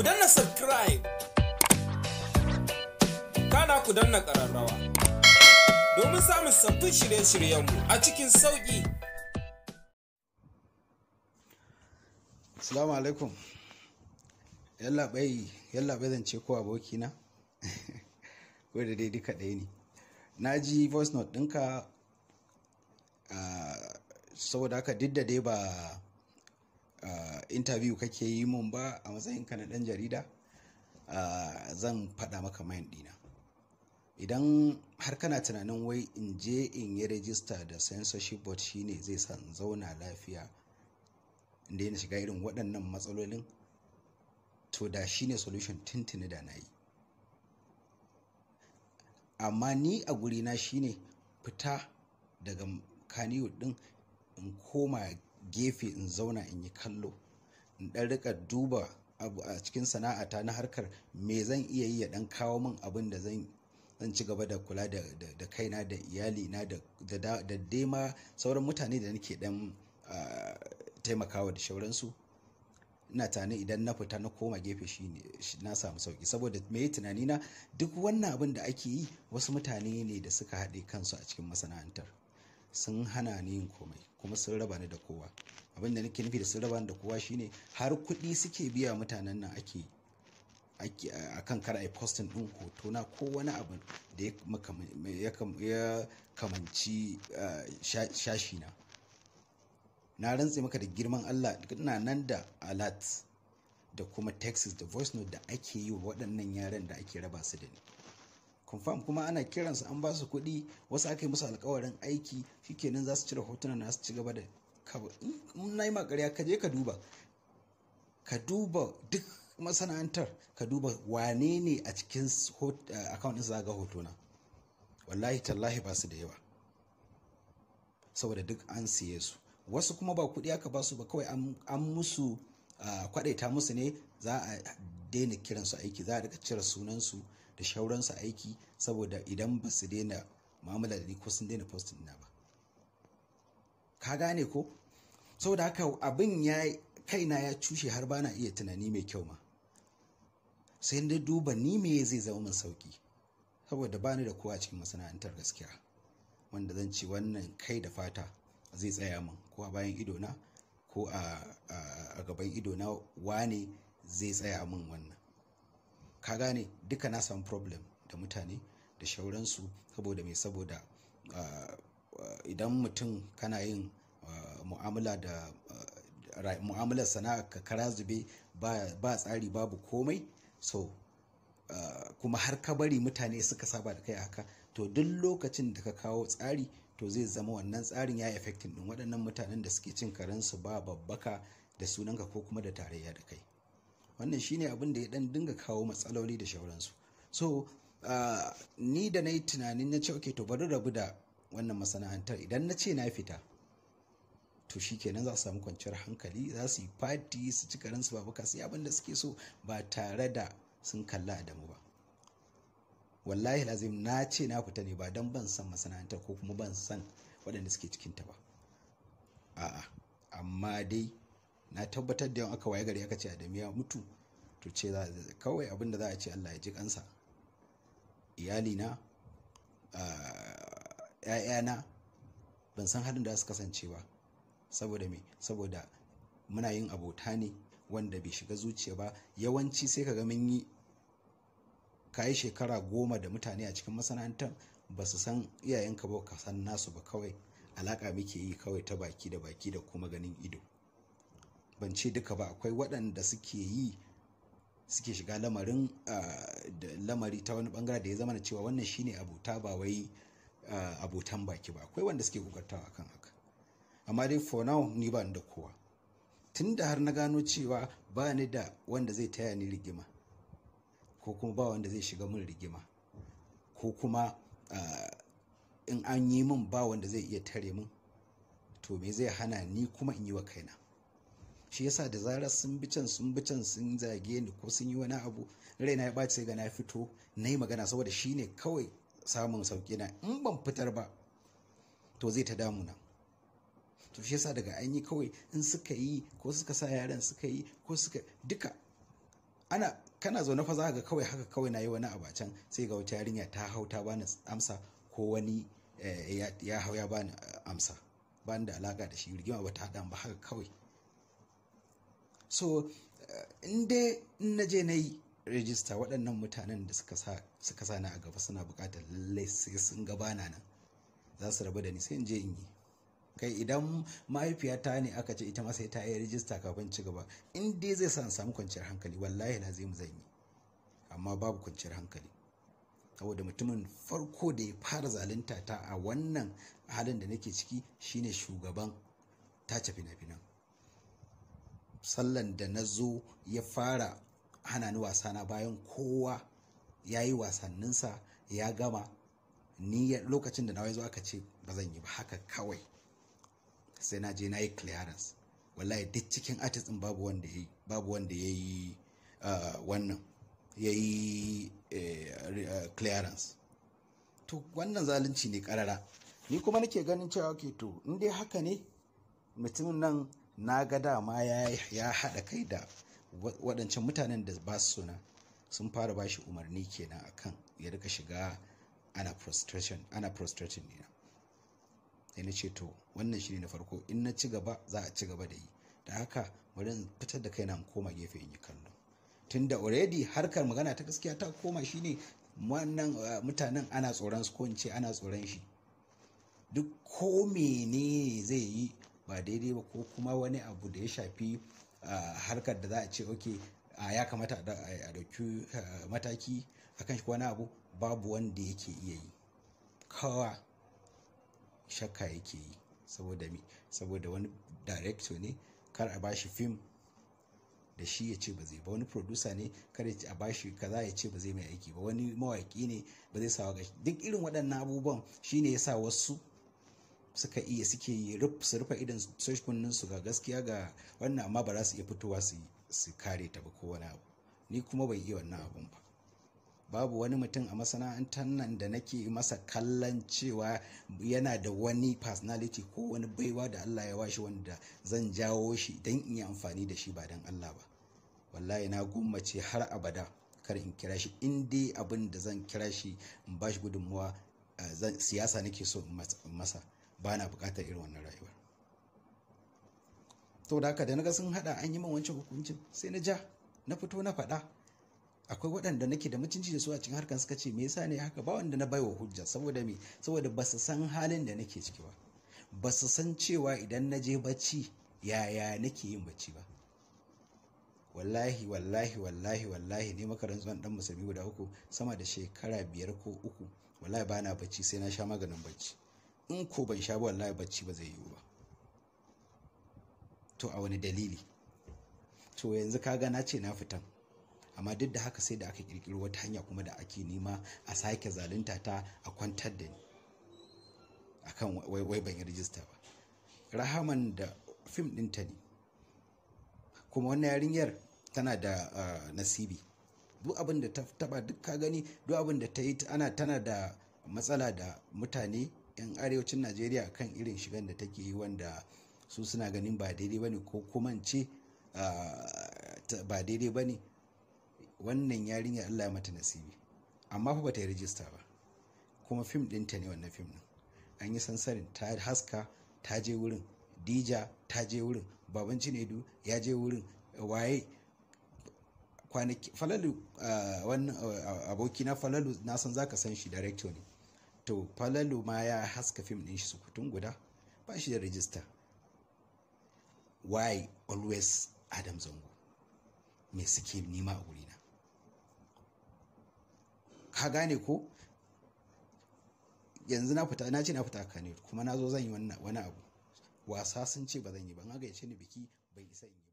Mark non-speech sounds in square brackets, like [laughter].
ku danna subscribe kana ku danna ƙararrawa domin samun sabbin shirye-shiryenmu a cikin sauƙi Assalamu alaikum yalla bai yalla bai zance ko abokina [laughs] ko da dai duka ɗaya ne na ji voice note ɗinka ah, saboda haka duk da dai ba interview kake yi mun ba a matsayin ka na ɗan jarida zan faɗa maka mayan dina idan har kana tunanin wai in je in yi rajista da censorship board shine zai sa in zauna lafiya inda yana shiga irin waɗannan matsalolin to da shine solution tuntuni da na yi amma ni a gurina shine fita daga kaniyo din in koma gefe in zauna in yi kallo in ɗan rika duba abu a cikin sana'ata na harkar me zan iya yi ya ɗan kawo min abin da zan zan ci gaba da kula da kaina da na da dai ma sauran mutane da nake ɗan taimakawa da shauransu ina tani idan na fita na koma gefe shi na samu sauki saboda me na duk wannan abin da ake yi wasu mutane ne da suka haɗe kansu a cikin masana'antar sun hana ni yin komai kuma sun raba ni da kowa abin da nake nufi da sun raba ni da kowa shine har kuɗi suke biya mutanen nan ake a kan kar a yi postin ɗin hoto na ko wani abu da ya kamanci shashi na na rantse maka da girman allah na nan da alat da kuma texas da voice note da ake yi wa waɗannan yaran da ake raba su da ni confirm kuma ana kiransu an ba su kuɗi wasu aka yi musu alkawarin aiki shikenan za su cire hotuna na su ci gaba da in na yi ka je ka duba ka duba duk masana'antar ka duba wane ne a cikin account ɗin za ga hotuna wallahi tallahi ba su da yawa saboda duk an siye su wasu kuma ba kuɗi aka ba su ba kawai an musu kwaɗaita musu ne za a daina kiransu aiki za a daga cire sunansu da shauransu aiki saboda idan ba su daina mu'amala da ni ko sun daina post ina ba ka gane ko saboda haka abin ya kaina ya cushe har ba na iya tunani mai kyau ma sai na duba ni me zai zama min sauki saboda ba ni da kowa cikin masana'antar gaskiya wanda zan ce wannan kai da fata zai tsaya min ko a bayan idona ko a gaban idona wane zai tsaya min wannan ka gane duka na samu problem da mutane da shauransu saboda mai saboda ah, ah, idan mutum kana yin ah, mu'amala da mu'amalar sana'a ka kara zube ba tsari babu komai so kuma har ka bari mutane suka saba da kai haka to duk lokacin da ka kawo tsari to zai zama wannan tsarin ya effectin din waɗannan mutanen da suke cin karensu ba babbaka da sunanka ko kuma da tarayya da kai wannan shine abin da ya dan dinga kawo matsaloli da shauransu so ni da na yi tunanin na ce ok to bari rabu da wannan masana'antar idan na ce na fita to shi kenan za su samu kwanciyar hankali za su yi fati su ci karin su babu kasu abin da suke so ba tare da sun kalla adamu ba wallahi lazim na ce na fita ne ba don ban san masana'antar ko kuma ban san waɗanda suke cikinta ba a'a amma dai na tabbatar da yawan aka waye gari aka ce adamu ya mutu to ce za kawai abin da za a ce allah ya ji kansa iyalina ‘ya'yana ban san halin da su kasance ba saboda me saboda muna yin abota ne wanda bai shiga zuciya ba yawanci sai ka ga mun yi kayi shekara goma da mutane a cikin masana'antar ba su san iyayenka ba ka san nasu ba kawai alaka muke yi kawai ta baki da baki da kuma ganin ido ban ce duka ba akwai waɗanda suke yi suke shiga lamarin da lamari ta wani bangare da ya zama cewa wannan shine abota ba wai abotan baki ba akwai wanda suke kokartawa akan haka amma dai for now ni ba da kowa tun da har na gano cewa ba ni da wanda zai taya ni rigima ko kuma ba wanda zai shiga min rigima ko kuma in an yi min ba wanda zai iya tare min to me zai hana ni kuma in yi wa kaina shi yasa da zarar sun bi can sun bi can sun zage ni ko sun yi wani abu raina ya ɓaci sai ga na fito na yi magana saboda shi ne kawai samun sauƙi na in ban fitar ba to zai ta damuna to shi yasa daga an yi kawai in suka yi ko suka sa yaran suka yi ko suka duka ana kana zaune fa za ga kawai haka kawai na yi wani abu a can sai ga wata yarinya ta hau ta bani amsa ko wani eh, ya hau ya bani eh, amsa bani da alaka da shi rigima ba ta dan ba haka kawai so eh, in dai na je na yi rijista waɗannan mutanen da suka sa a gaba suna buƙatar lallai sai sun gabana nan za su rabu da ni sai in je in yi kai idan mahaifiyata ne aka ce ita ma sai ta yi rijista kafin ci gaba in dai zai sa samu kwanciyar hankali wallahi mu zan yi amma babu kwanciyar hankali saboda mutumin farko da ya fara zalunta ta a wannan halin da nake ciki shine shugaban tace fina-finan sallan da na zo ya fara hana ni wasa na bayan kowa ya yi wasanninsa ya gama ni lokacin da na zo aka ce ba zan yi ba haka kawai sai na je na yi clearance wallahi duk cikin artist din babu wanda ya babu wanda ya yi eh, wannan ya eh, eh, clearance to wannan zalunci ne karara ni kuma nake ganin cewa ke to in dai haka ne mutumin nan na ga dama ya haɗa kai da waɗancan mutanen da ba su suna sun fara ba shi umarni kenan a kan ya rika shiga ana prostration ana prostration ne sai na ce to wannan shine na farko in na ci gaba za a ci gaba da yi da haka bari in fitar da kai na koma gefe in yi kallo tunda already harkar magana ta gaskiya ta koma shine wannan uh, mutanen ana tsoron su ko in ce ana tsoron shi duk ko mene zai yi ba daidai ba ko kuma wani abu da ya shafi harkar da za a ce ok ya kamata a dauki mataki kan shi wani abu babu wanda yake iya yi kawa shakka yake yi saboda mi saboda wani director ne kar a bashi fim da shi ya ce ba zai ba wani producer ne kar a bashi kaza ya ce ba zai mai aiki ba wani mawaki ne ba zai sawa shi. duk irin waɗannan abubuwan shine sa wasu suka iya suke yi su rufe idan su kunnin su ga gaskiya ga wannan amma ba za su iya fitowa su kare ta ba ko wani abu ni kuma bai yi wannan abun ba babu wani mutum a masana'antar nan da nake masa kallon cewa yana da wani personality ko wani baiwa da Allah ya washi wanda zan jawo shi don in yi amfani da shi ba don Allah ba wallahi na gummace har abada kar in kira shi in dai abin da zan kira shi in bashi gudunmuwa eh, siyasa nake so masa ba na buƙatar irin wannan rayuwar to da haka da na ga sun haɗa an yi min wancan hukuncin sai na ja na fito na faɗa akwai waɗanda nake da mutunci da su a cikin harkar suka ce me yasa ne haka ba wanda na baiwa hujja saboda me saboda ba su san halin da nake ciki ba ba su san cewa idan na je bacci yaya nake yin bacci ba wallahi wallahi wallahi wallahi ne maka rantsuwan dan musulmi guda uku sama da shekara biyar ko uku wallahi ba na bacci sai na sha maganin bacci in ko ban sha ba wallahi bacci ba zai yiwu ba to a wani dalili to yanzu kaga na ce na fitan amma duk da haka sai da aka kirkiro wata hanya kuma da ake nema a sake zalunta ta a kwantar da ni akan wai ban yi rijista ba rahaman da fim ta ne kuma wannan yarinyar tana da ah, nasibi duk abin da ta taba duk ka gani duk abin da ta yi ana tana da matsala da mutane 'yan arewacin najeriya kan irin shigan da take yi wanda su suna ganin ba daidai ba ne ko kuma ce ba daidai ba ne wannan yarinya allah ya mata nasibi amma fa bata yi rijista ba kuma fim ɗinta ne wannan fim ɗin an yi sansarin ta haska ta je wurin dija ta je wurin baban cinedu ya je wurin waye kwanaki falalu wannan aboki na falalu na san zaka san shi director ne to falalu ma ya haska fim din shi sukutun guda ba shi da rijista why always adam zango me suke nima a wurina ka gane ko yanzu na fita na ce na fita kane kuma na zo zan yi wani abu wasa sun ce ba zan yi ba in ya ce ni biki bai isa in yi